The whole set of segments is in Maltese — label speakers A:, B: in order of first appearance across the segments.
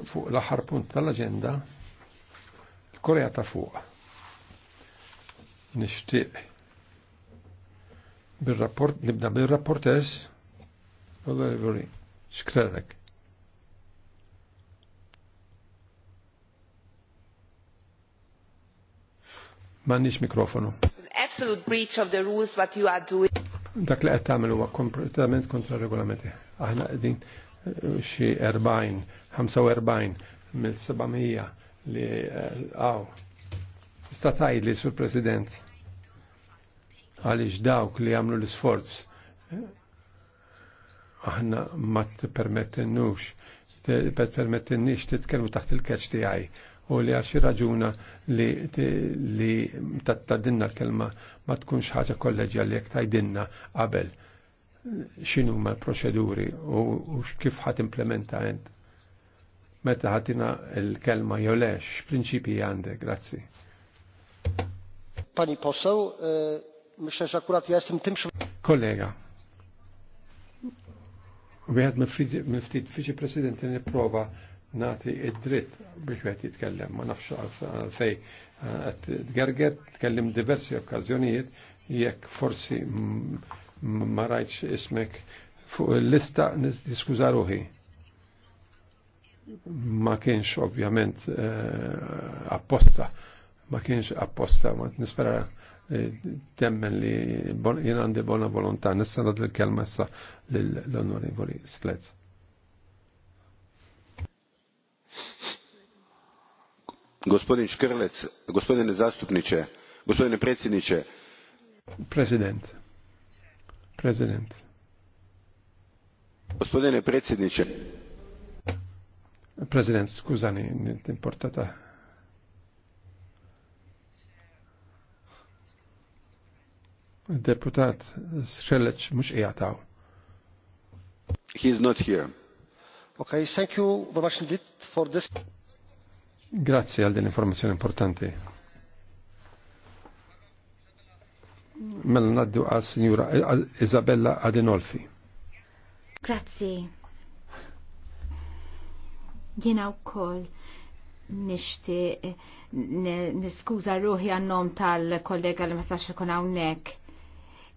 A: fuq l-aħħar punt tal-aġenda Korea ta' fuq. Nixtieq bir rapport nibda bil-rapporters, Onorevoli, Skrelek. Mannix mikrofonu.
B: Absolute breach of the rules what you are doing.
A: Dak li qed tagħmel huwa kompletament kontra regolamenti. Aħna qegħdin xi 45 mill-700 li eh, għaw. Tista' tgħidli sur President għaliex dawk li għamlu l-isforz eh, aħna ma t-permettinux, permettinix titkellmu taħt il-keċ għaj u li għaxi raġuna li, li tattadinna l-kelma ma tkunx ħaġa kolleġja li jek tajdinna qabel xinu ma proċeduri u kif ħat implementa jent. Meta ħatina il-kelma jolex, x-prinċipi għandek, grazzi. Pani posaw, e, myślę, że jastim ja Kollega, u Kollega. Wieħed fiċi presidenti niprofa nati id-dritt biex wieħed jitkellem, ma nafx fej e, tgerger, tkellim diversi okkazjonijiet, jekk forsi mm, ma rajtx ismek fuq il-lista niskuża ruħi. Ma kienx ovvjament eh, apposta, ma kienx apposta, ma nispera eh, temmen li jien għandi bona volontà, nissa nad il-kelma issa l-onorevoli Sklez. Gospodin Škrlec, gospodine zastupniče, gospodine predsjedniče. President. President. Gospodine predsjedniče. President, skużani, importata. Deputat Sreleċ mux He is not here. Okay, thank you very much indeed for this. Grazie al din informazzjoni importanti. mela naddu għal Signora Isabella Adenolfi.
B: Grazzi. Jena u koll nishti niskuza ruħi għannom tal-kollega li ma sax ikun hawnhekk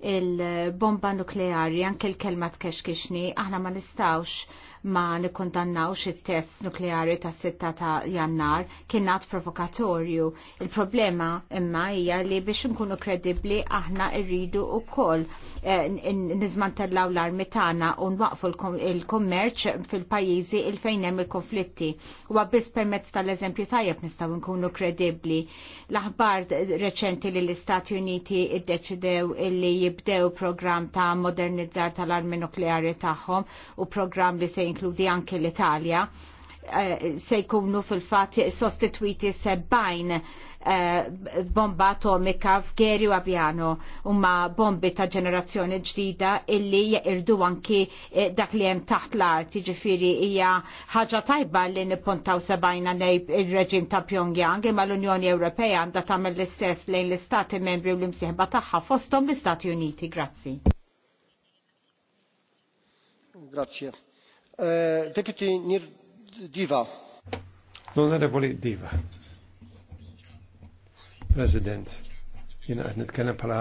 B: il-bomba nukleari, anke l-kelma tkexkixni, aħna ma nistawx ma nikondannawx il-test nukleari ta' 6 ta' jannar, kienat provokatorju. Il-problema imma hija li biex nkunu kredibli aħna irridu u koll eh, nizmantellaw l-armi tagħna u nwaqfu il-kommerċ fil-pajjiżi il fejn hemm il-konflitti. U biss permezz tal-eżempju tajjeb nistgħu nkunu kredibli. L-aħbar reċenti li l-Istati Uniti iddeċidew illi jibdew program ta' modernizzar tal-armi nukleari tagħhom u program li se jinkludi anke l-Italja Eh, se jkunu fil-fat sostitwiti sebbajn eh, bomba atomika f'Gerju Abjano umma bombi ta' ġenerazzjoni ġdida illi jirdu anki eh, dak li hemm taħt l-art ġifiri hija ħaġa tajba li nippontaw sebajna nej il-reġim ta' Pyongyang imma l-Unjoni Ewropea għandha tagħmel l-istess lejn l-istati membri u l-imsieħba tagħha fosthom l-Istati Uniti. Grazzi.
A: Grazie. Deputy Nir Diva. L-Onorevoli Diva. President, jina għed nitkellem pala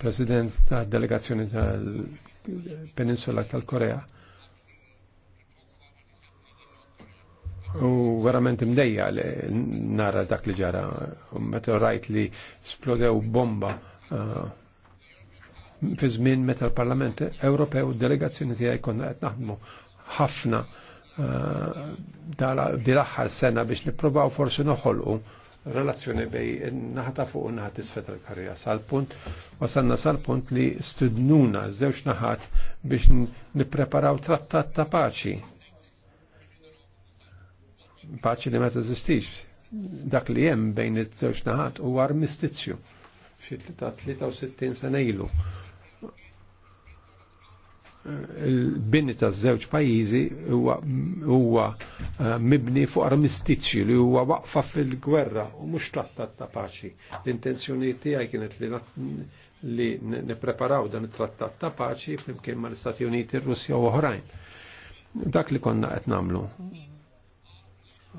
A: President ta' delegazzjoni tal-Peninsula tal-Korea. U verament imdejja li nara dak li ġara. Meta rajt li splodew bomba uh, fi żmien meta l-Parlament Ewropew delegazzjoni tiegħi konna qed naħdmu ħafna Eh, dil-aħħar sena biex nipprobaw forsi noħolqu relazzjoni bej naħta fuq u naħat isfet l karriera sal-punt, wasanna sal-punt li studnuna żewġ naħat biex nippreparaw trattat ta' paċi. Paċi li ma teżistix. Dak li hemm bejn iż-żewġ naħat huwa armistizzju xi 63 sena ilu il-bini ta' żewġ pajjiżi huwa eh, mibni fuq armistiċi li huwa waqfa fil-gwerra u mhux trattat ta' paċi. L-intenzjoni tiegħi kienet li li nippreparaw dan it-trattat ta' paċi flimkien mal istati Uniti, Russja u oħrajn. Dak li konna qed nagħmlu.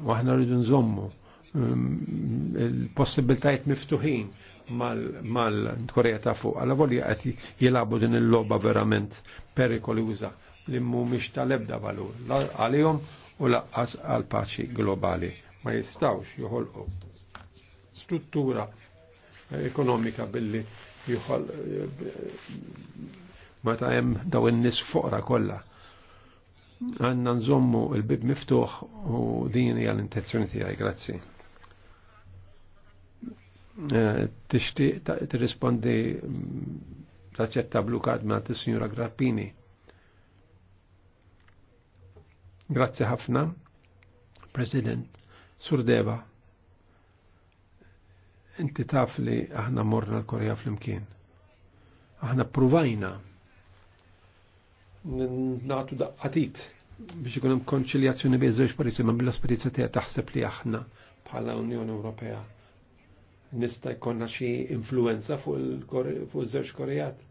A: Waħna rridu nżommu mm, il-possibiltajiet miftuħin mal-Korea ta' fuq. Għalla voli għet jilabu din il-loba verament perikoluza li miex tal-ebda valur għalijom u laqqas għal-paċi globali. Ma jistawx joħolqu struttura ekonomika billi juħol ma ta' jem daw n-nis foqra kolla. Għanna nżommu il-bib miftuħ u dini għal-intenzjoni tijaj, grazzi. Eh, tixtieq tirrispondi mm, taċċetta blu kart ma' tis-Sinjura Grappini. Grazzi ħafna, President. Surdeva. inti taf li aħna morna l-Korea fl-imkien. Aħna pruvajna natu daqqatit biex ikun hemm konċiljazzjoni biż żewġ parijiet ma' bil esperjenza tiegħek taħseb li aħna bħala Unjoni Ewropea nista' jkollna xi influenza fuq iż-żewġ Korejat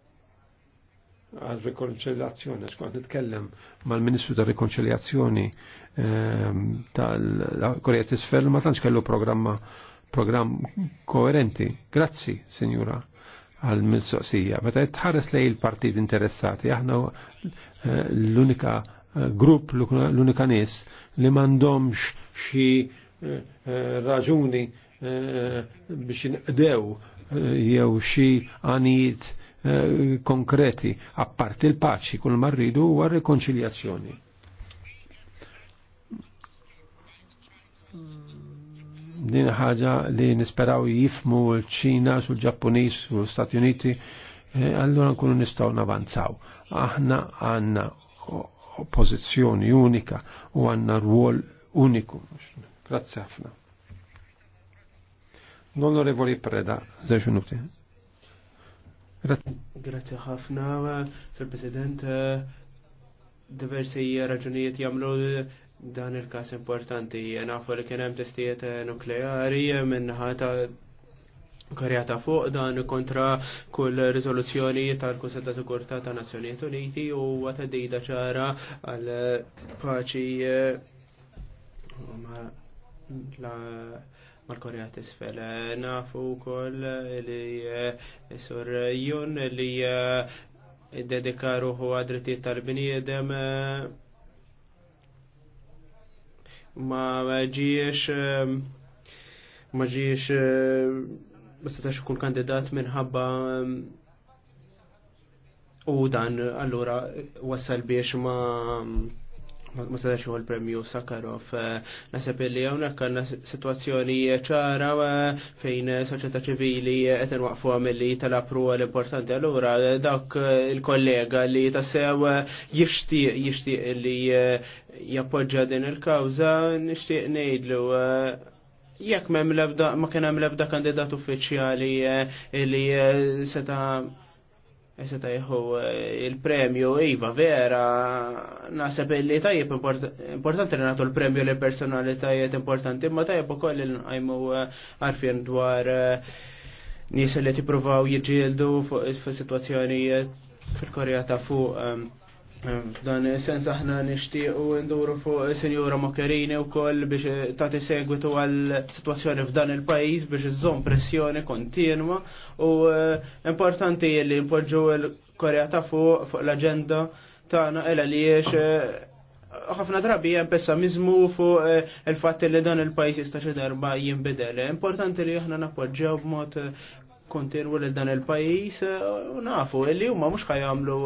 A: għal rekonċiljazzjoni, x'kont nitkellem mal-Ministru ta' Rekonċiljazzjoni ehm, tal-Korea Tisfel ma tantx kellu programma programm koerenti. Grazzi, Sinjura għal-mistoqsija. Meta tħares lej il-partit interessati, aħna eh, l-unika eh, grupp, l-unika nis li mandomx xi eh, raġuni Eh, biex inqdew eh, jew xi għanijiet eh, konkreti, apparti il-paċi, kull marridu huwa rekonċiljazzjoni. Din ħaġa li nisperaw jifmu l-Ċina, sul ġappuniż u l-Stati Uniti, allora nkunu nistgħu navanzaw. Aħna għandna oppożizzjoni unika u għandna rwol uniku. Grazzi ħafna. L-Onorevoli Preda, zeġ minuti.
C: Grazie ħafna, Sir President. Diversi raġunijiet jamlu dan il-kas importanti. Nafu li kienem testijiet nukleari minn ħata karjata fuq dan kontra kull rizoluzzjoni tal-Kunsel ta' Sigurtà ta' Nazzjonijiet Uniti u għata dejda ċara għal paċi eh, mal-Korea t-isfel. Nafu kol li eh, sur jun li eh, dedika ruħu għadriti tal-bniedem eh, ma ġiex ma ġiex basta ta' kull kandidat minħabba u dan allura wasal biex ma' ma sadax u l-premju Sakarov. Eh, Nasib li hawnhekk għandna sitwazzjoni ċara eh, fejn eh, soċjetà ċivili qed inwaqfu milli apru l importanti. Allura dak il-kollega li tasew jixtieq jixtieq li jappoġġa din il-kawża nixtieq ngħidlu jekk ma kien hemm l-ebda kandidat uffiċjali li seta' Issa tajħu eh, il-premju, Iva, vera, nasab li tajjeb importanti li natu l-premju li personalitajiet importanti, ma tajjeb u koll il għajmu eh, għarfien dwar eh, nisa li tipruvaw jġildu fuq situazzjoni fil-Korea ta' fuq F'dan sens aħna nixtiequ nduru fuq Sinjura u wkoll biex tagħti segwitu għal sitwazzjoni f'dan il-pajjiż biex iżżomm pressjoni kontinwa u eh, importanti li nporġu l-Korea ta' fuq fuq l agenda tagħna ela li eh, ħafna drabi hemm pessimizmu fuq eh, il fat li dan il-pajjiż jista' xi darba jinbidel. Importanti li aħna nappoġġew b'mod kontinwu lil dan il-pajjiż u nafu li huma mhux ħajamlu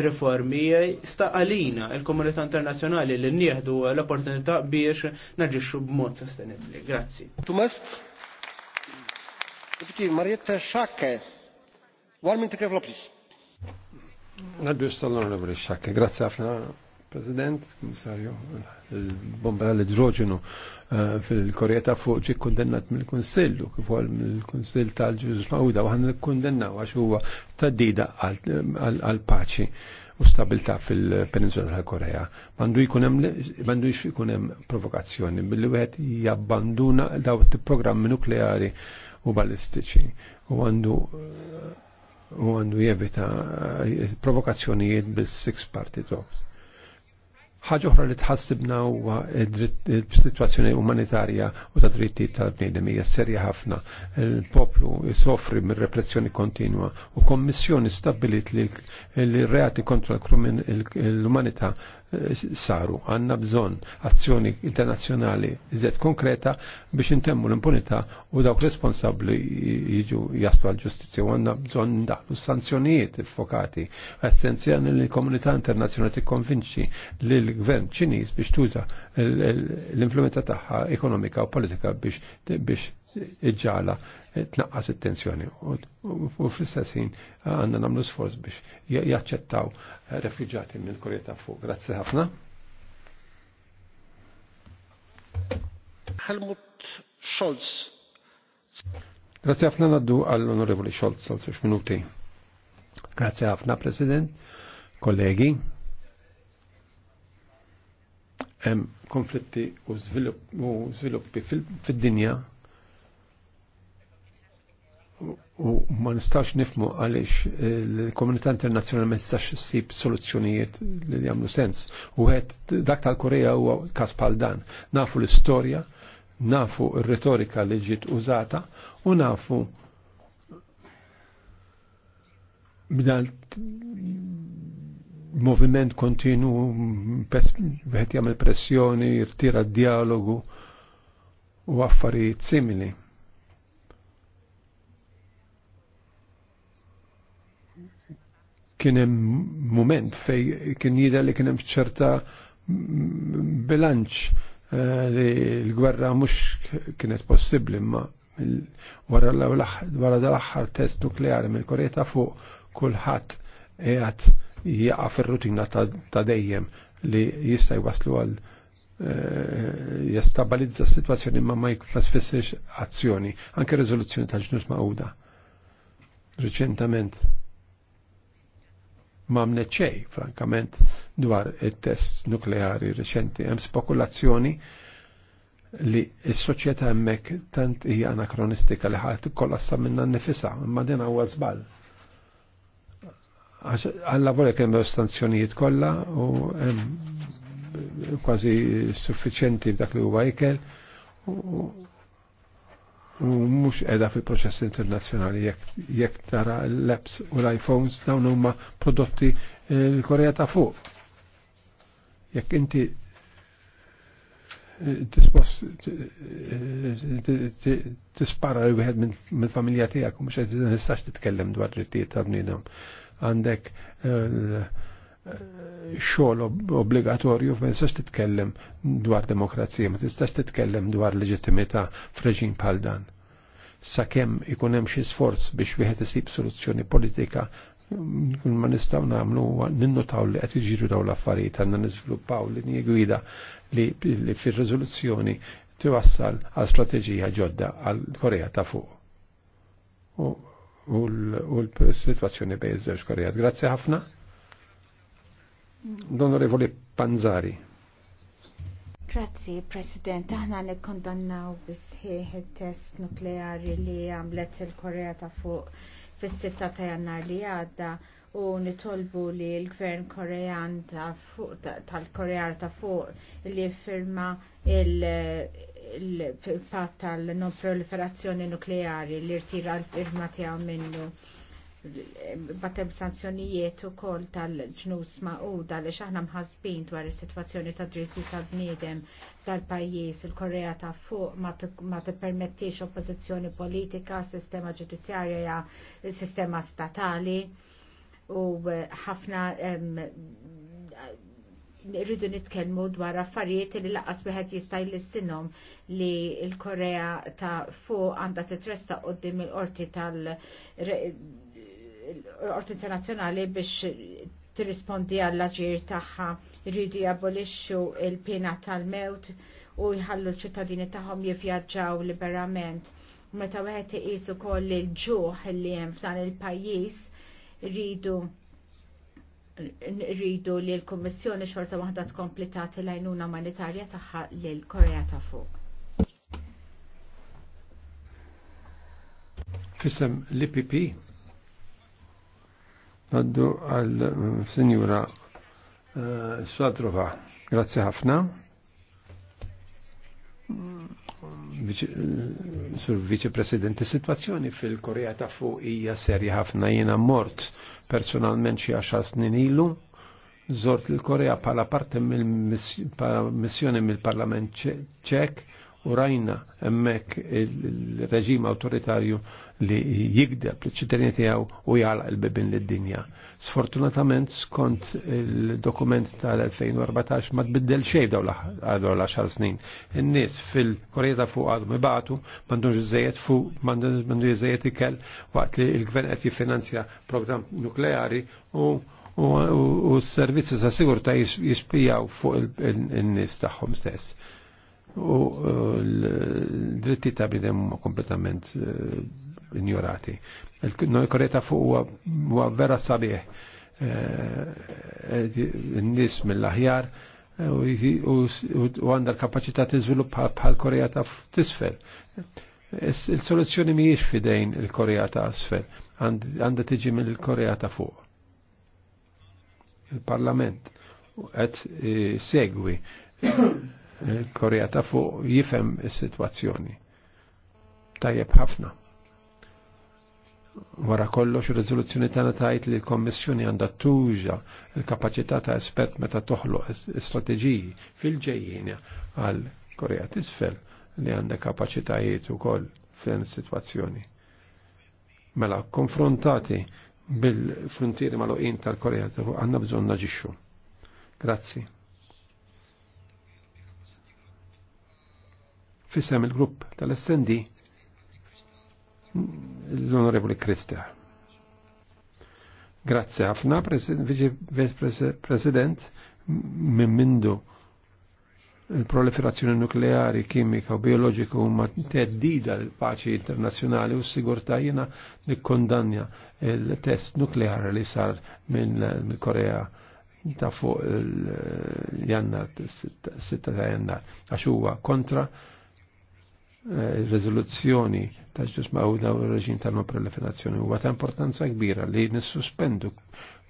C: riformi staqalina il-komunità internazjonali li nieħdu l-opportunità biex naġixxu b'mod sostenibbli. Grazzi.
A: Tumas. Marietta Xakke. One minute, please. Naddu s-sallon l-għavri Xakke. Grazzi għafna. President, komissarju, il-bomba l-idroġenu eh, fil-Korea fuq ġi kondennat mill-Konsillu, kif għal mill-Konsill tal-ġuż smawida, għan kondennaw għax huwa tad-dida għal-paċi u stabilta fil-Peninsula tal-Korea. Mandu jkun hemm provokazzjoni billi wieħed jabbanduna daw programmi nukleari u balistiċi u għandu u għandu jevita eh, provokazzjonijiet bil-six party talks Ħaġa oħra li tħassibna huwa situazzjoni umanitarja u ta' dritti tal-bniedem hija serja ħafna. Il-poplu soffri minn repressjoni kontinwa u kommissjoni stabbilit li l-reati kontra l-umanità saru. Għanna bżon azzjoni internazzjonali iżed konkreta biex intemmu l-impunità u dawk responsabli jiġu jaslu għal-ġustizja. Għanna bżon daħlu sanzjonijiet fokati. Essenzjali li l-komunità internazzjonali tikkonvinċi li l-gvern ċiniż biex tuża l-influenza tagħha ekonomika u politika biex iġġala tnaqqas it-tensjoni u fl-istessin għanna namlu sforz biex jaċċettaw refuġati minn Korea ta' fuq. Grazzi ħafna. Helmut Scholz. Grazzi ħafna naddu għall-Onorevoli Scholz għal minuti. Grazzi ħafna, President, kollegi. Hemm konflitti u sviluppi fil-dinja fil dinja u ma nistax nifmu għalix il-komunità eh, internazzjonali ma nistax sib soluzzjonijiet li jagħmlu sens. U għed dak tal-Korea huwa kaspal bħal dan. Nafu l-istorja, nafu r-retorika li ġiet użata u nafu b'dal moviment kontinu għed jagħmel pressjoni, jirtira d-dialogu u affarijiet simili kien hemm moment fej kien jidher li kien hemm ċerta bilanċ eh, li l-gwerra mhux kienet possibbli imma wara dal-aħħar test nukleari mill-Korea ta' fuq kulħadd qiegħed jaqa' fir-rutina ta' dejjem li jista' jwaslu għal eh, jestabilizza s sitwazzjoni ma ma jkfissirx azzjoni, anke riżoluzzjoni tal-ġnus ma'uda. Reċentament mamnet xej, frankament, dwar il-test nukleari recenti. Hemm spekulazzjoni li s-soċjetà hemmhekk tant hija anakronistika li ħadd kollassa minna nnifisha, imma din huwa żball. Alla volek hemm sanzjonijiet kollha u hemm kważi suffiċenti dak li huwa ikel mux edha fi proċess internazjonali jekk tara l-apps u l-iPhones dawn huma prodotti eh, l-Korea ta' fuq. Jekk inti eh, eh, tispara li wieħed minn familja tiegħek u mhux qed nistax titkellem dwar drittijiet ta' bniedem. Għandek uh, xogħol obbligatorju ma tistax titkellem dwar demokrazija, ma tistax titkellem dwar leġittimità f'reġim bħal dan. Sakemm ikun hemm xi sforz biex wieħed isib soluzzjoni politika ma nistgħu nagħmlu ninnotaw li qed jiġru daw l-affarijiet għandna niżviluppaw linji gwida li fir-riżoluzzjoni tiwassal għal strateġija ġodda għal Korea ta' fuq. U l-situazzjoni bejn iż-żewġ Koreas. Grazzi ħafna. L-Onorevoli Panzari.
B: Grazzi, President. Aħna nikkondannaw bisħieħ il-test nukleari li għamlet il-Korea ta' fuq fis-sitta ta' jannar li għadda u nitolbu li l-Gvern Korean tal-Korea ta' fuq li firma il-pat tal-non-proliferazzjoni nukleari li rtira l-firma tiegħu minnu batem sanzjonijiet u kol tal-ġnus ma'uda li xaħna mħazbin dwar is-situazzjoni ta' dritti ta' bniedem tal-pajjiż il-Korea ta' fuq ma tippermettix oppożizzjoni politika, sistema ġudizzjarja, sistema statali u ħafna rridu nitkellmu dwar affarijiet li laqas wieħed jista' jlissinhom li l-Korea ta' fuq għandha tressa qoddim il-qorti tal l-Orti Internazzjonali biex tirrispondi għall-ġir tagħha jridu jabolixxu il-pena tal-mewt u jħallu ċittadini tagħhom jivvjaġġaw liberament. Meta wieħed iqisu koll il-ġuħ li hemm f'dan il-pajjiż rridu rridu li l-Kummissjoni xorta waħda tkompli tagħti l-għajnuna umanitarja tagħha lil Korea ta' fuq.
A: Fisem l-IPP Għaddu għal eh, Sinjura eh, Svatrova. Grazie ħafna. Eh, Sur Vice Presidenti, situazzjoni fil-Korea ta' fuq hija serja ħafna jiena mort personalment xi għaxar snin ilu zort il korea pala parte mill-missjoni mill-Parlament ċek u rajna emmek il-reġim autoritarju li jigdeb li ċittadini tijaw u jgħalaq il-bibin d dinja Sfortunatament, skont il-dokument tal-2014 ma tbiddel xej daw l-10 snin. In-nies fil-Korea ta' fuq għadu mibatu, mandu ġizzejiet fuq, mandu ġizzejiet ikel, waqt li il-gvern qed jiffinanzja program nukleari u u s-servizzi sa' sigurta jispijaw fuq il-nis tagħhom stess u eh, l-dritti ta' bidem kompletament eh, ignorati. Il-Korea fuq huwa vera sabiħ eh, n-nis mill-aħjar u għanda l-kapacità tiżviluppa bħal Korea ta' t tisfel. Il-soluzzjoni mhijiex fidejn il-Korea ta' s asfel, għanda tiġi mill-Korea ta' fuq. Il-Parlament għed segwi Korea ta' fuq jifem is-sitwazzjoni. Tajjeb ħafna. Wara kollox ir-riżoluzzjoni tagħna tgħid li l-Kommissjoni għandha tuża l-kapaċità ta' espert meta toħloq strateġiji fil-ġejjin għal Korea t'isfel li għandha kapaċitajiet ukoll f'dan is-sitwazzjoni. Mela konfrontati bil-frontieri mal-oqin tal-Korea għandna bżonn naġixxu. Grazzi. Fissem il-grupp tal-SND l-Onorevoli Krista. Grazie ħafna, President, minn mindu il-proliferazzjoni nukleari, kimika u bioloġiku huma teddida l-paċi internazzjonali u s-sigurtà jiena nikkondanja il-test nukleari li sar minn korea ta' fuq l jannar s-sitta ta' jannar, għax kontra Eh, rezoluzzjoni ta' ġus ma' u reġim ta' non u huwa ta' importanza kbira li nissuspendu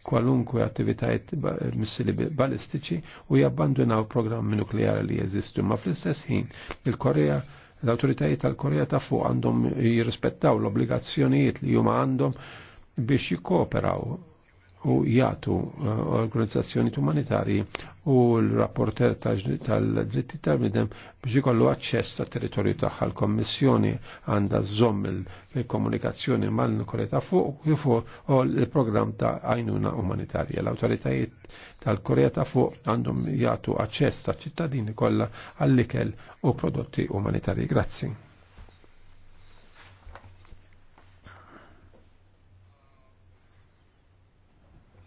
A: kwalunkwe attivitajiet missili balistiċi u jabbandunaw programmi nukleari li jeżistu. Ma fl-istess ħin il-Korea l-autoritajiet tal-Korea ta' fuq għandhom jirrispettaw l-obbligazzjonijiet li huma għandhom biex jikkooperaw u jgħatu eh, organizzazzjoni umanitarji u l-rapporter tal-dritti tal-bnidem biex ikollu aċċess tat territorju tagħha l-Kommissjoni għandha żomm il-komunikazzjoni mal-Korea fuq u fuq l programm ta' għajnuna umanitarja. L-awtoritajiet tal-Korea ta' fuq għandhom jagħtu aċċess ta' ċittadini kollha għall-ikel u prodotti umanitarji. Grazzi.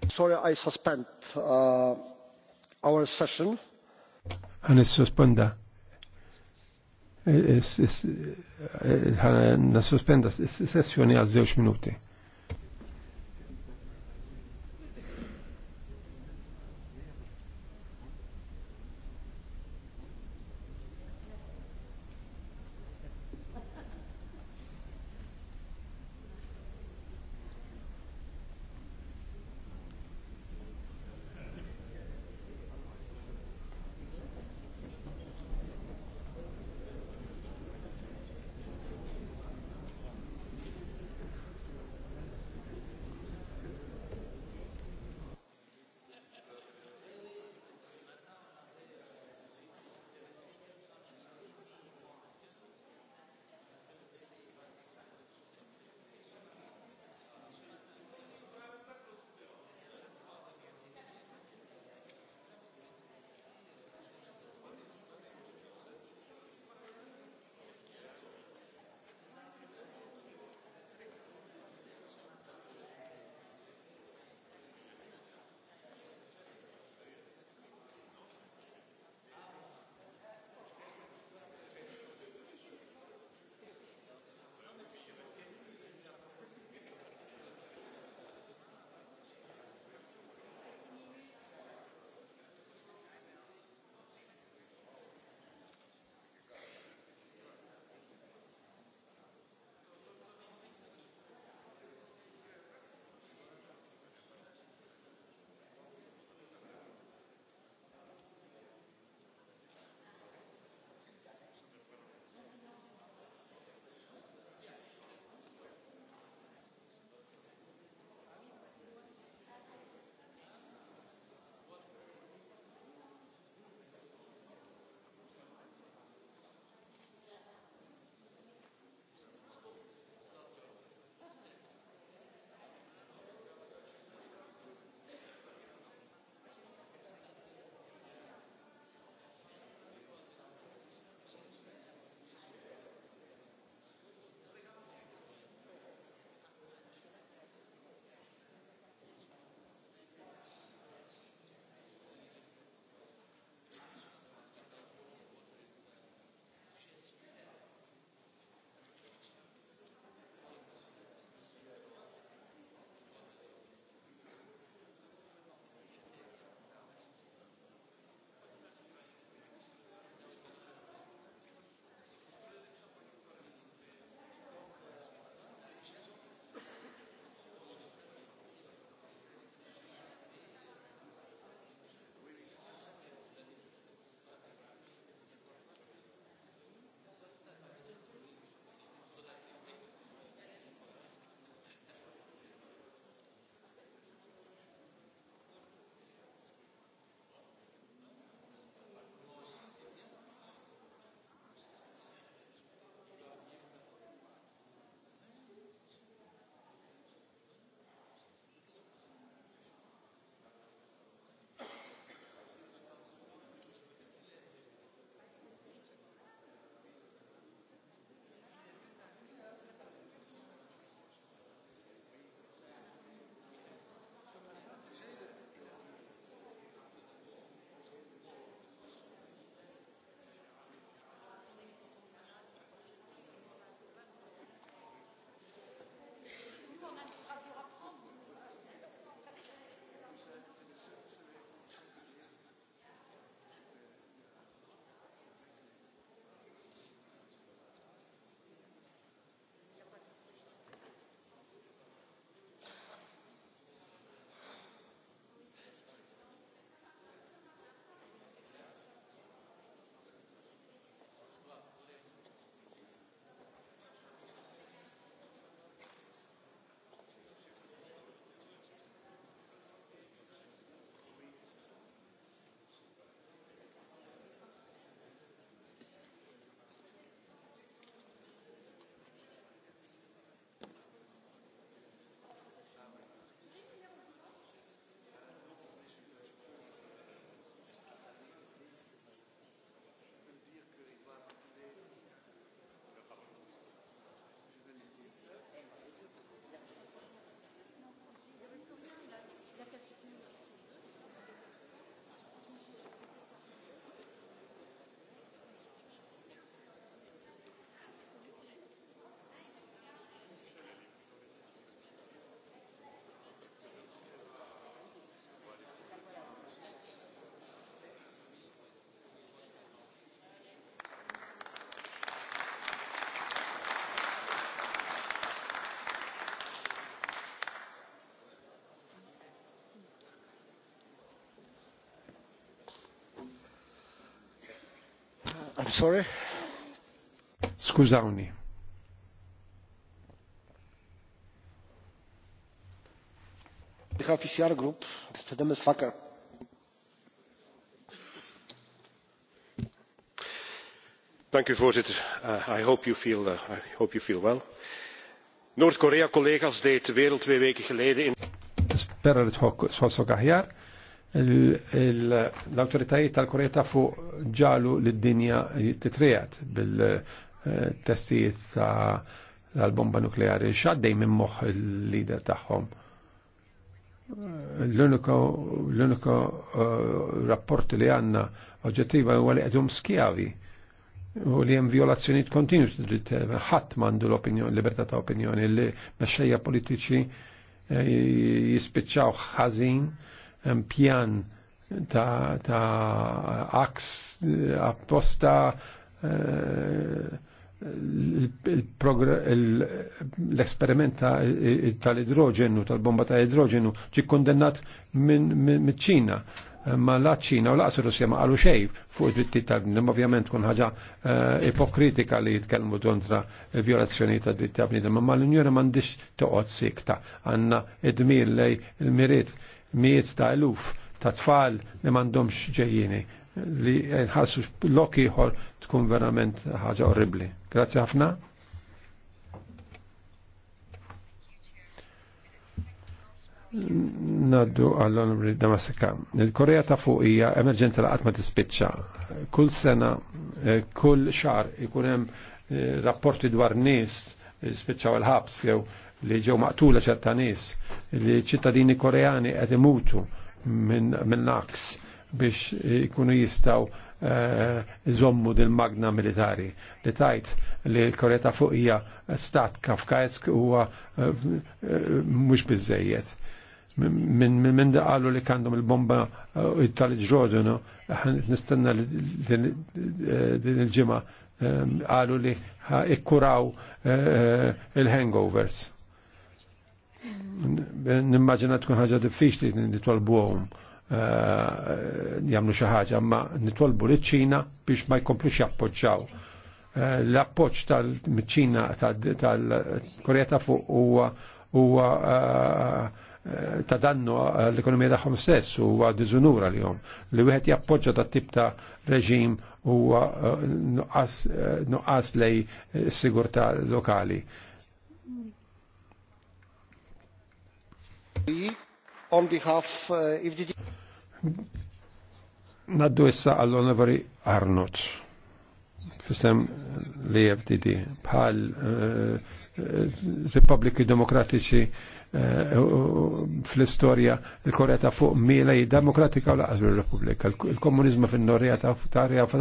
A: Sorry, I suspend uh, our session. Għan suspenda. sospenda Għan is, is, is, is, is, I'm sorry. Skużawni. Behalf Group, Mr. Demes Fakker. voorzitter uh, i hope you feel, uh, I hope you feel well. noord korea collega's deed de wereld twee weken geleden in. spera li tħossok aħjar l-autoritajiet tal-Korea ta' fuq ġalu li d-dinja titrijat bil-testijiet ta' l bomba nukleari xaddej minn moħ il-lider tagħhom. L-unika uh, rapport li għanna oġġettiva huwa li qedhom skjavi u li hemm violazzjonijiet kontinu dritt ħadd m'għandu l-opinjoni, libertà ta' opinjoni li mexxejja politiċi eh, jispiċċaw ħażin pjan ta', ta aks eh, apposta eh, l-esperiment tal-idroġenu, tal-bomba ta' idroġenu, ġi kondennat minn ċina eh, ma la ċina u laqas Russja ma qalu xej fuq id-dritti tal-bnidem, ovvjament kun ħaġa ipokritika li jitkellmu kontra il-violazzjoni ta' dritti tal-bnidem, ma l-Unjoni m'għandix toqgħod sikta, għandna id-dmir lej il-miriet miet ta' eluf ta' tfal li mandomx ġejjini li nħassu lok ieħor tkun verament ħaġa orribli. Grazzi ħafna. Naddu għall onbri Damasika. Il-Korea ta' fuq hija emerġenza la' ma tispiċċa. Kull sena, eh, kull xar ikun hemm eh, rapporti dwar nies eh, spiċċaw il-ħabs jew li ġew maqtula ċerta nies, li ċittadini koreani qed imutu minn naqs biex ikunu jistaw eh, iżommu din magna militari li tajt li l-Korea ta' fuq hija stat kafkajsk huwa eh, mhux biżejjed. Minn minn qalu li għandhom il-bomba eh, tal-ġrodunu, nistenna din il-ġimgħa qalu li ikkuraw il-hangovers. Nimmaġina tkun ħaġa diffiċli nitolbu għom eh, jamlu xi ħaġa, ma nitolbu li ċina biex ma jkomplux xappoċċaw. Eh, l-appoġġ tal-ċina tal-Korea ta' fuq huwa eh, ta' dannu l-ekonomija tagħhom stess huwa diżunura li jom. Li wieħed jappoġġa ta' tip ta' reġim huwa nuqqas lej s-sigurtà lokali. On behalf uh, Naddu issa għall-Onorevoli Arnott, fissem li FDD, bħal uh, Repubbliki Demokratiċi uh, fl-istoria il-Korea ta' fuq mila demokratika u laqas republika repubblika Il-komunizmu fin-Norja ta'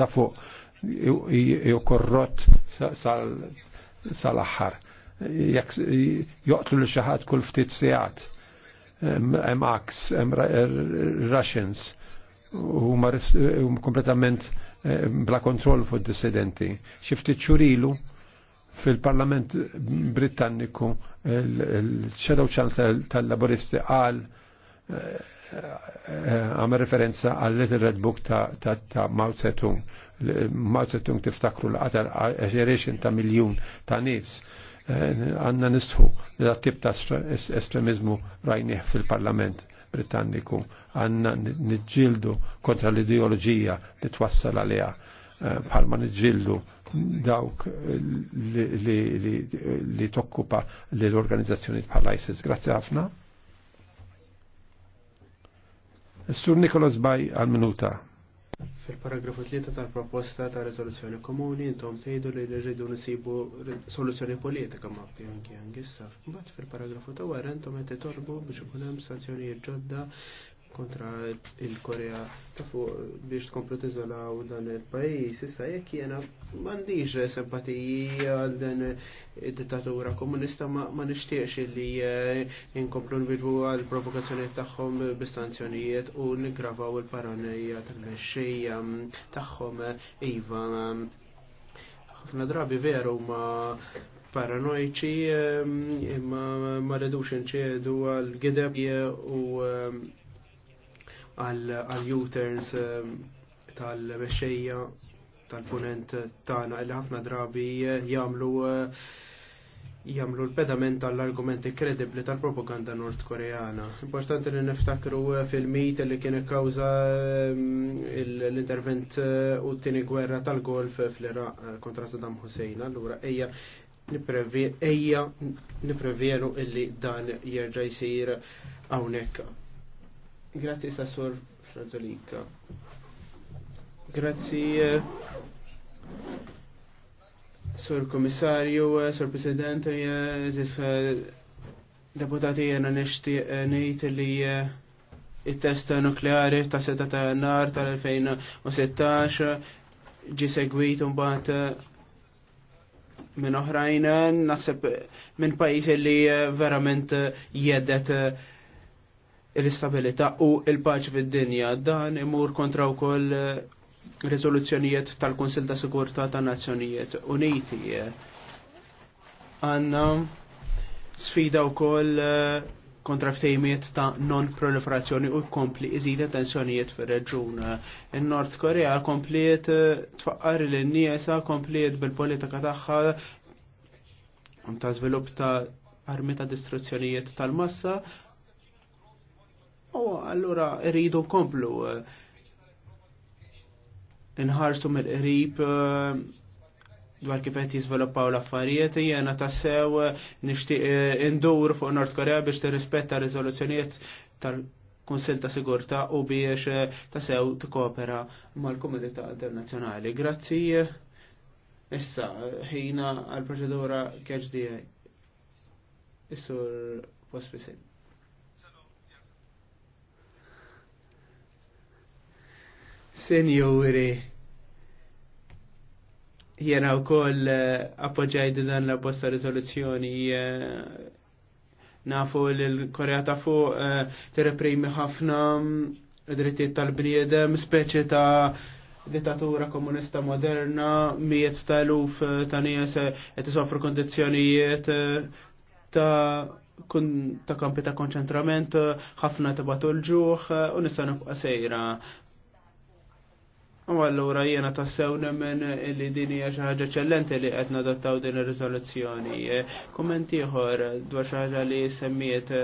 A: fuq ju korrott sal aħħar Joqtlu l-xaħat kull ftit sijat hemm Aks, hemm er, Russians huma kompletament bla kontroll fuq dissidenti. Xi ftit xurilu fil-Parlament Britanniku l shadow Chancellor tal-Laboristi qal eh, eh, għam referenza għal Little Red Book ta' Mao Zedong. Mao Zedong tiftakru l-qatar ta' miljun ta' nis għanna nistħu l tip ta' estremizmu rajnieh fil-Parlament Britanniku għanna nġildu kontra l-ideologija li twassal għalija eh, bħalma nġildu dawk li tokkupa li l-organizzazzjoni bħal ISIS. Grazie ħafna. Sur Nikolas Baj għal-minuta.
C: Fil-paragrafu 3 tal-proposta ta' rezoluzzjoni komuni, intom tgħidu li rridu nisibu soluzzjoni politika ma' pjanki għangissa. Mbagħad fil-paragrafu ta' wara intom qed torbu biex ikun hemm sanzjonijiet ġodda kontra il-Korea ta' fuq biex tkomplu tiżolaw dan il-pajis. Issa jekk jena m'għandix sempatiji għal dan id-dittatura komunista ma nixtieqx li eh, inkomplu nbidwu għal provokazzjonijiet tagħhom bistanzjonijiet u niggravaw il paranija tal-mexxejja tagħhom iva. Ħafna drabi veru ma paranoiċi eh, imma ma redux nċedu għal gideb u eh, għal-uters um, tal-mexxejja tal-punent tagħna li ħafna drabi eh, jagħmlu eh, jagħmlu l-pedament tal-argumenti kredibli tal-propaganda Nord Koreana. Importanti li niftakru eh, fil-mit li kien ikkawża l-intervent u t tieni gwerra tal-golf fl-Iraq kontra Saddam Hussein. Allura ejja ejja niprevjenu illi dan jerġa' jsir hawnhekk Grazzi Sassur Frazzolica. Grazzi eh, Sur Komissarju, eh, Sur President, Zis eh, Deputati jena nishti nejt li il-test nukleari ta' seta ta' nar tal-2016 ġi segwit un minn oħrajn, naħseb minn pajis li verament jedet l-istabilità u l paċ fid-dinja. Dan imur kontra wkoll eh, riżoluzzjonijiet tal konsil ta' Sigurtà ta' Nazzjonijiet Uniti. Għanna sfida wkoll eh, kontra ftejmiet ta' non-proliferazzjoni u kompli iżida tensjonijiet fir-reġun. In-Nord Korea kompliet eh, tfaqqar l-niesa kompliet bil-politika tagħha ta' żvilupp ta' armi ta' distruzzjonijiet tal-massa U allura rridu nkomplu inħarsu eh, mill-qrib eh, dwar kif qed jiżviluppaw l-affarijiet jiena tassew eh, nixtieq indur fuq Nord Korea biex tirrispetta riżoluzzjonijiet tal-Kunsill ta' Sigurtà u biex tassew tikkopera mal-komunità internazzjonali. Grazzi issa ħina għal-proċedura KHDA. Issur sur Senjuri, jena u koll eh, appoġġajt dan la bosta rizoluzzjoni eh, nafu l-Korea ta' fuq eh, t-reprimi ħafna mm, drittijiet tal-bniedem, speċi ta' dittatura komunista moderna, mijiet tal-uf ta' nies qed isofru kondizzjonijiet ta' kun ta' kampi ta' konċentrament, ħafna tibatu l-ġuħ, u nista' nibqa' sejra. U allura jiena tassew nemmen li din hija xi ħaġa eċċellenti li qed nadattaw din ir-riżoluzzjoni. E, Kumment ieħor dwar xi li semmiet e,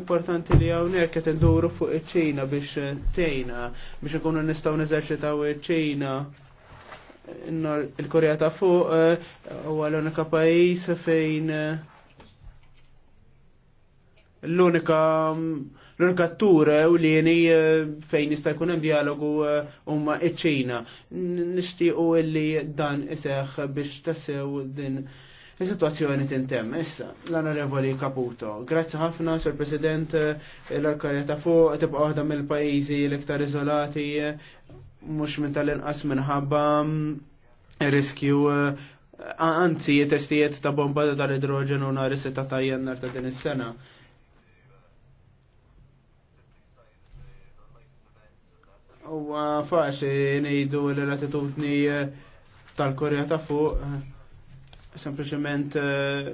C: importanti li hawnhekk qed induru fuq iċ-Ċina biex e, tejna, biex ikunu nistgħu nizerċitaw iċ-Ċina il-Korea ta' fuq huwa l-unika pajjiż fejn l-unika l-unika tur u li jeni eh, fejn jista' jkun hemm dialogu eh, huma iċ-Ċina. Nixtiequ li dan iseħħ biex tassew din Il-situazzjoni tintem, issa, l-onorevoli Caputo. Grazzi ħafna, Sur President, eh, l-arkarja ta' fuq, tibqa' waħda mill-pajjiżi l-iktar iżolati, mhux minn tal-inqas minħabba mm, riskju anzi testijiet ta' bomba tal idroġenu nhar is-sitta ta' jannar ta' din is-sena. ma faċ nejdu l-ratitudni eh, tal-Korea ta' fuq eh, sempliciment eh,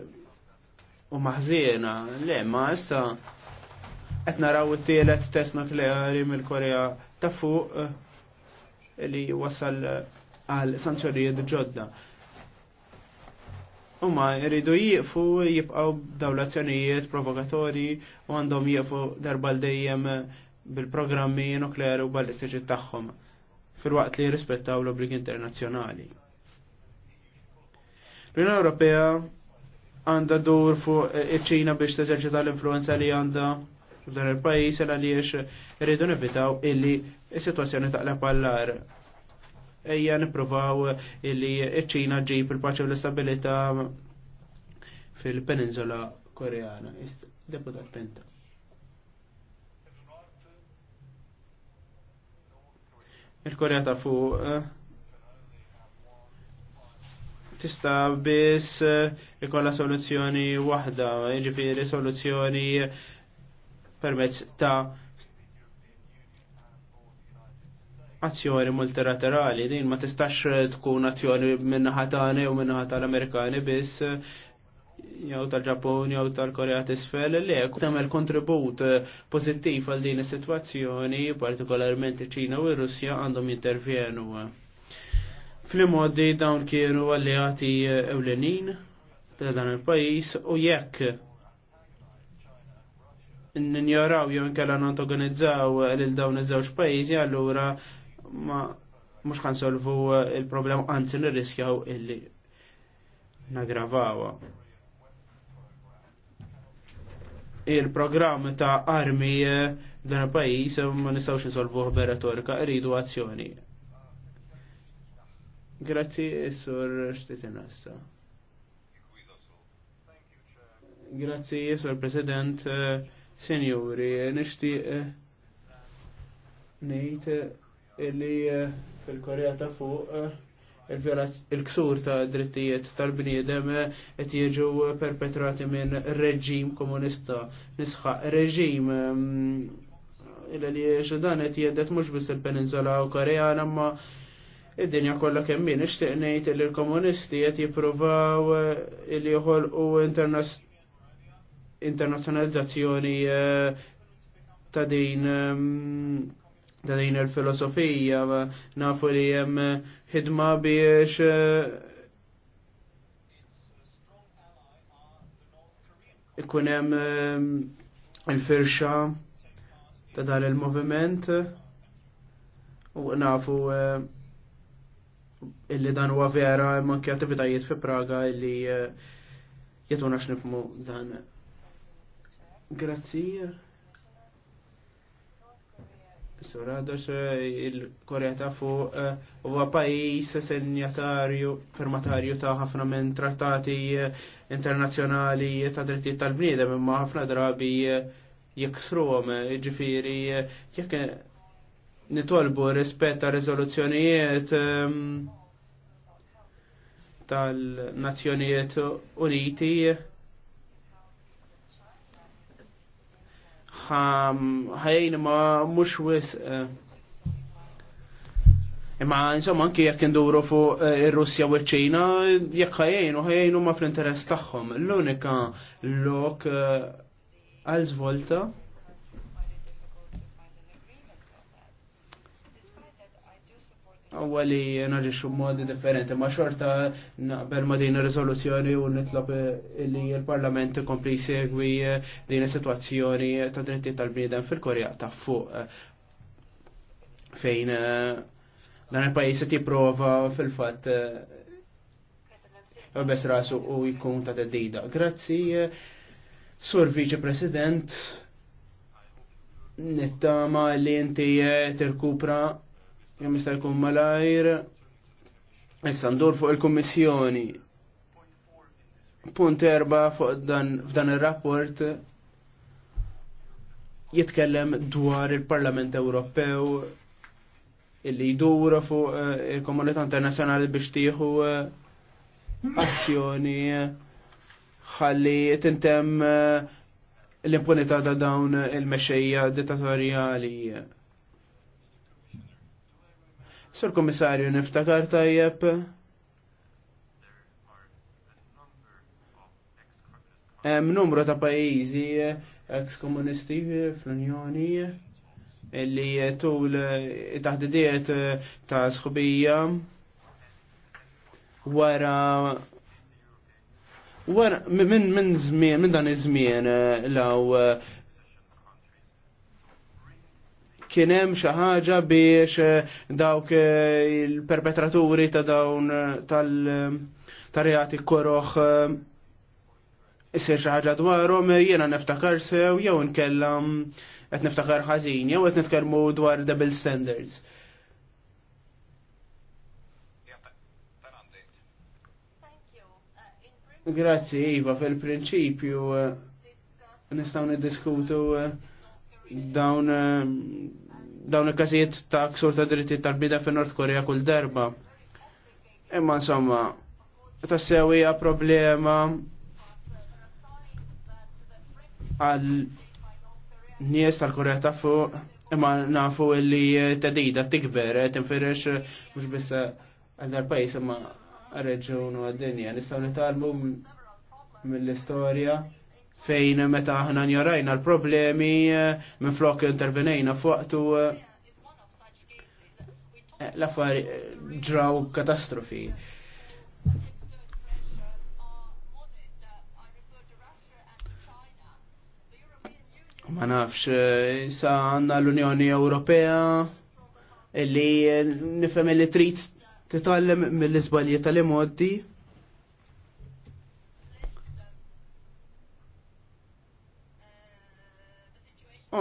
C: u maħżiena. Le, ma issa qed naraw it-tielet test nukleari mill-Korea ta' fuq li wasal għal sanzjonijiet ġodda. Uma jridu jieqfu jibqaw dawlazzjonijiet l-azzjonijiet provokatorji u għandhom jiefu darba dejjem bil-programmi nukleari u ballistiċi tagħhom fil-waqt li jirrispettaw l-obbligi internazzjonali. L-Unjoni Ewropea għandha dur fuq eh, iċ-Ċina biex teżerċita l-influenza li għandha f'dan il pajjiż għal għaliex rridu nevitaw illi s sitwazzjoni taqleb għall għall-ar. Ejja nipprovaw illi iċ ċina ġib il-paċi u l istabilità fil-peninsula koreana. Deputat Penta. il-Korea ta' fuq eh, tista' biss eh, ikolla soluzzjoni waħda, jiġifieri soluzzjoni permezz ta' azzjoni multilaterali, din ma tistax tkun azzjoni minn tagħna u minnaħa tal-Amerikani biss jew tal-Ġappun jew tal-Korea t'isfel li hekk tagħmel kontribut eh, pożittiv għal din is-sitwazzjoni, partikolarment iċ-Ċina u r-Russja għandhom jintervjenu. Fl-modi dawn kienu alleati eh, ewlenin ta' dan il-pajjiż u jekk ninjaraw jew inkella nantagonizzaw eh, lil dawn iż-żewġ pajjiżi allura ma mhux ħansolvu il-problema anzi nirriskjaw illi nagravawa il-programm ta' armi eh, dan il-pajis eh, ma nistawx nisolvuh beratorika, rridu azzjoni. Grazzi, Sur Stitinassa. Grazzi, Sur President, eh, Senjuri, nishti nejt illi fil-Korea ta' fuq il-ksur ta' drittijiet tal-bniedem qed jiġu perpetrati minn reġim komunista. Nisħaq reġim mm, il-li dan qed jedet mhux biss il-Peninsula u Korea imma id-dinja kollha kemm min ixtieq ngħid li l-komunisti qed jippruvaw li joħolqu internazzjonalizzazzjoni eh, ta' din mm, ta' din il-filosofija, nafu li jem hidma biex eh, ikunem hemm eh, il-firxa ta' dan il-moviment u nafu eh, illi dan huwa vera manki attivitajiet fi Praga illi jetuna x'nifmu dan. Grazie. Sur għadax eh, il-Korea ta' fuq eh, huwa pajjiż senjatarju, firmatarju ta' ħafna minn trattati eh, internazzjonali ta' drittijiet tal-bniedem imma ħafna drabi jiksruhom, ġifieri jekk nitolbu rispett ta' riżoluzzjonijiet ehm, tal-Nazzjonijiet Uniti ħajjin ma mhux wis eh, Imma insomma anki jekk induru fuq eh, ir-Russja u ċ-Ċina jekk ħajjinu ħajjinu ma fl-interess tagħhom. L-unika lok eh, għal żvolta huwa li naġixxu modi differenti ma' xorta naqbel ma' din rezoluzjoni riżoluzzjoni u nitlob eh, li l-Parlament kompli jsegwi eh, din is-sitwazzjoni ta' drittijiet tal-bniedem fil-Korea ta' fuq fejn eh, dan il-pajjiż ti prova fil-fatt bes rasu u jkun ta' t-dida. Grazzi, Sur Vice President, nittama li inti tirkupra Jem jista' jkun malajr. Issa ndur fuq il-Kummissjoni. Punt erba fuq dan f'dan ir-rapport jitkellem dwar il-Parlament Ewropew illi jdura fuq eh, il-komunità internazzjonali biex tieħu eh, azzjoni eh, ħalli tintem l-impunità ta' dawn il-mexxejja dittatorjali. Sur Komissarju, niftakar tajjeb. Hemm numru ta' pajjiżi ex-komunisti fl-Unjoni illi tul taħdidiet ta' sħubija wara wara minn min, min, min dan iż-żmien law kien hemm xi ħaġa biex eh, dawk eh, il-perpetraturi ta' dawn eh, tal tarjati koroħ isir xi ħaġa dwarhom jiena neftakar sew jew nkellam mm, qed niftakar ħażin jew qed nitkellmu dwar double standards. Grazzi, Iva, fil-prinċipju nistaw niddiskutu dawn dawn il-każijiet ta' ksur ta' dritti tal-bida fin nord Korea kull darba. Imma insomma, ta' sewija problema għal nies tal-Korea ta' fuq, imma nafu li tadida tikber, eh, tinfirex eh, mux bissa għal dal-pajis imma reġun u għad-dinja. Nistaw nitalmu mill-istoria fejn meta aħna njarajna l-problemi eh, minn flok intervenejna fuqtu eh, eh, l-affari ġraw katastrofi. Ma nafx, sa għanna l-Unjoni Ewropea illi nifem li trid titgħallem mill-iżbalji tal-imoddi.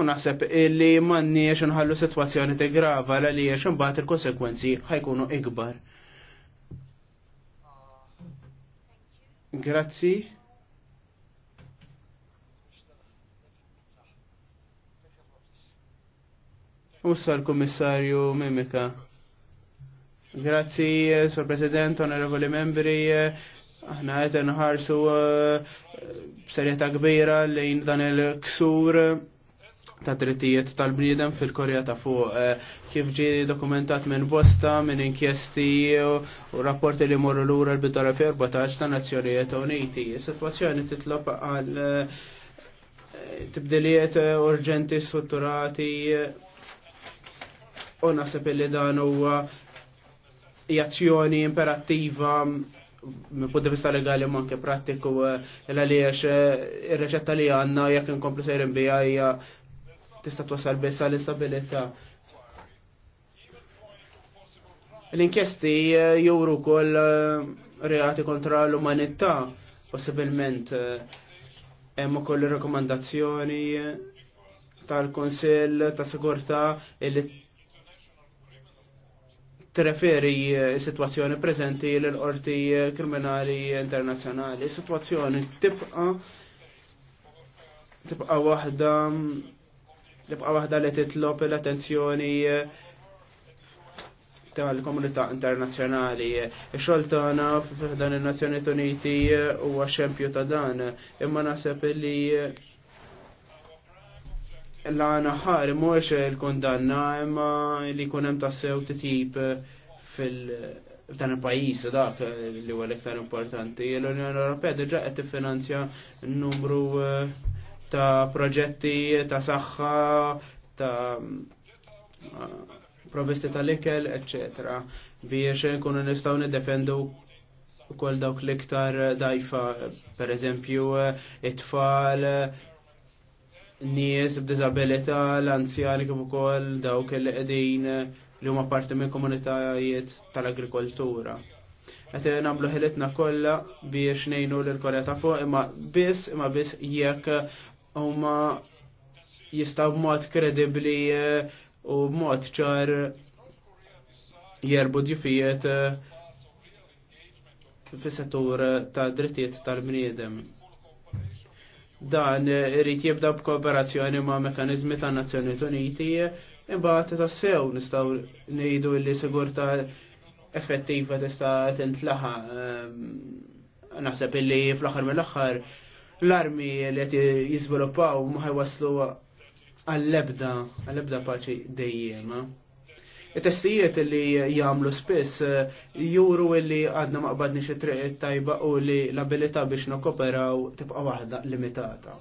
C: u naħseb illi manni għax nħallu situazzjoni sitwazzjoni grava l għax nbaħt il-konsekwenzi ħajkunu ikbar. Grazzi. Ussa l-Kummissarju Mimika. Grazzi, Sor President, Onorevoli Membri, aħna għet nħarsu eh, b'serjetà kbira lejn dan il-ksur ta' drittijiet tal-bniedem fil-Korea ta' fuq eh, kif ġie dokumentat minn bosta minn inkjesti u rapporti li morru lura l-bidara 14 ta' Nazzjonijiet Uniti. Is-sitwazzjoni titlob għal eh, tibdilijiet eh, urġenti strutturati u nasib li dan huwa jazzjoni imperattiva minn punt vista legali ma anke prattiku l-għaliex ir-reċetta li għandna jekk inkomplu sejrin bija tista' twasal biss għal istabilità. L-inkjesti eh, juru kol eh, reati kontra l-umanità, possibilment eh, hemm ukoll rekomandazzjoni tal-Konsill ta' Sigurtà li treferi situazzjoni prezenti l-orti kriminali internazjonali. Situazzjoni tibqa tibqa wahda mm, tibqa' waħda li titlob l-attenzjoni eh, tal-komunità internazzjonali. Ix-xogħol tagħna f'dan in-Nazzjonijiet Uniti eh, huwa xempju ta' dan, imma naħseb li eh, l-għana ħar mhux il-kundanna imma li jkun hemm tassew titjib fil f'dan il-pajis dak li huwa l-iktar importanti. L-Unjoni Ewropea diġà qed tiffinanzja n numru ta' proġetti ta' saħħa, ta' eh, provesti tal-ikel, ecc. biex kunu nistaw nidefendu kol dawk l-iktar dajfa, per eżempju, eh, it-tfal, nies b'dizabilita, l-anzjani kif ukoll dawk il qegħdin li huma parti minn komunitajiet tal-agrikoltura. Qed nagħmlu ħilitna kollha biex ngħinu lil Korea ta' fuq imma biss imma biss jekk huma jistaw b'mod kredibbli eh, u b'mod ċar jerbu djufijiet eh, fis-settur ta' drittijiet tal-bniedem. Dan eh, irid jibda b'kooperazzjoni ma' mekanizmi tan Nazzjonijiet Uniti imbagħad ta' sew nistgħu ngħidu li sigurtà effettiva tista' tintlaħa naħseb illi fl-aħħar mill-aħħar l-armi li qed jizvilupaw ma waslu għall-ebda għall-ebda paċi dejjem. Il-testijiet li jagħmlu spiss eh, juru li għadna maqbadni xi triq tajba u li l abilita biex nokoperaw tibqa' waħda limitata.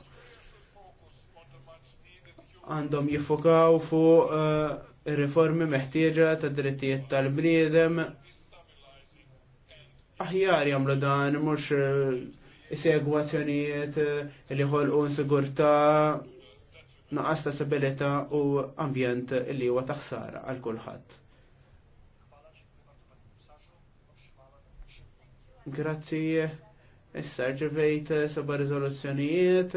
C: Għandhom jiffokaw fuq eh, ir-riformi meħtieġa ta' drittijiet tal-bniedem aħjar jagħmlu dan mhux eh, isegwu eh, li ħolqu sigurtà naqas ta' stabilità u ambjent li huwa taħsara għal kulħadd. Grazzi, eh, issa ġivejt eh, seba' riżoluzzjonijiet.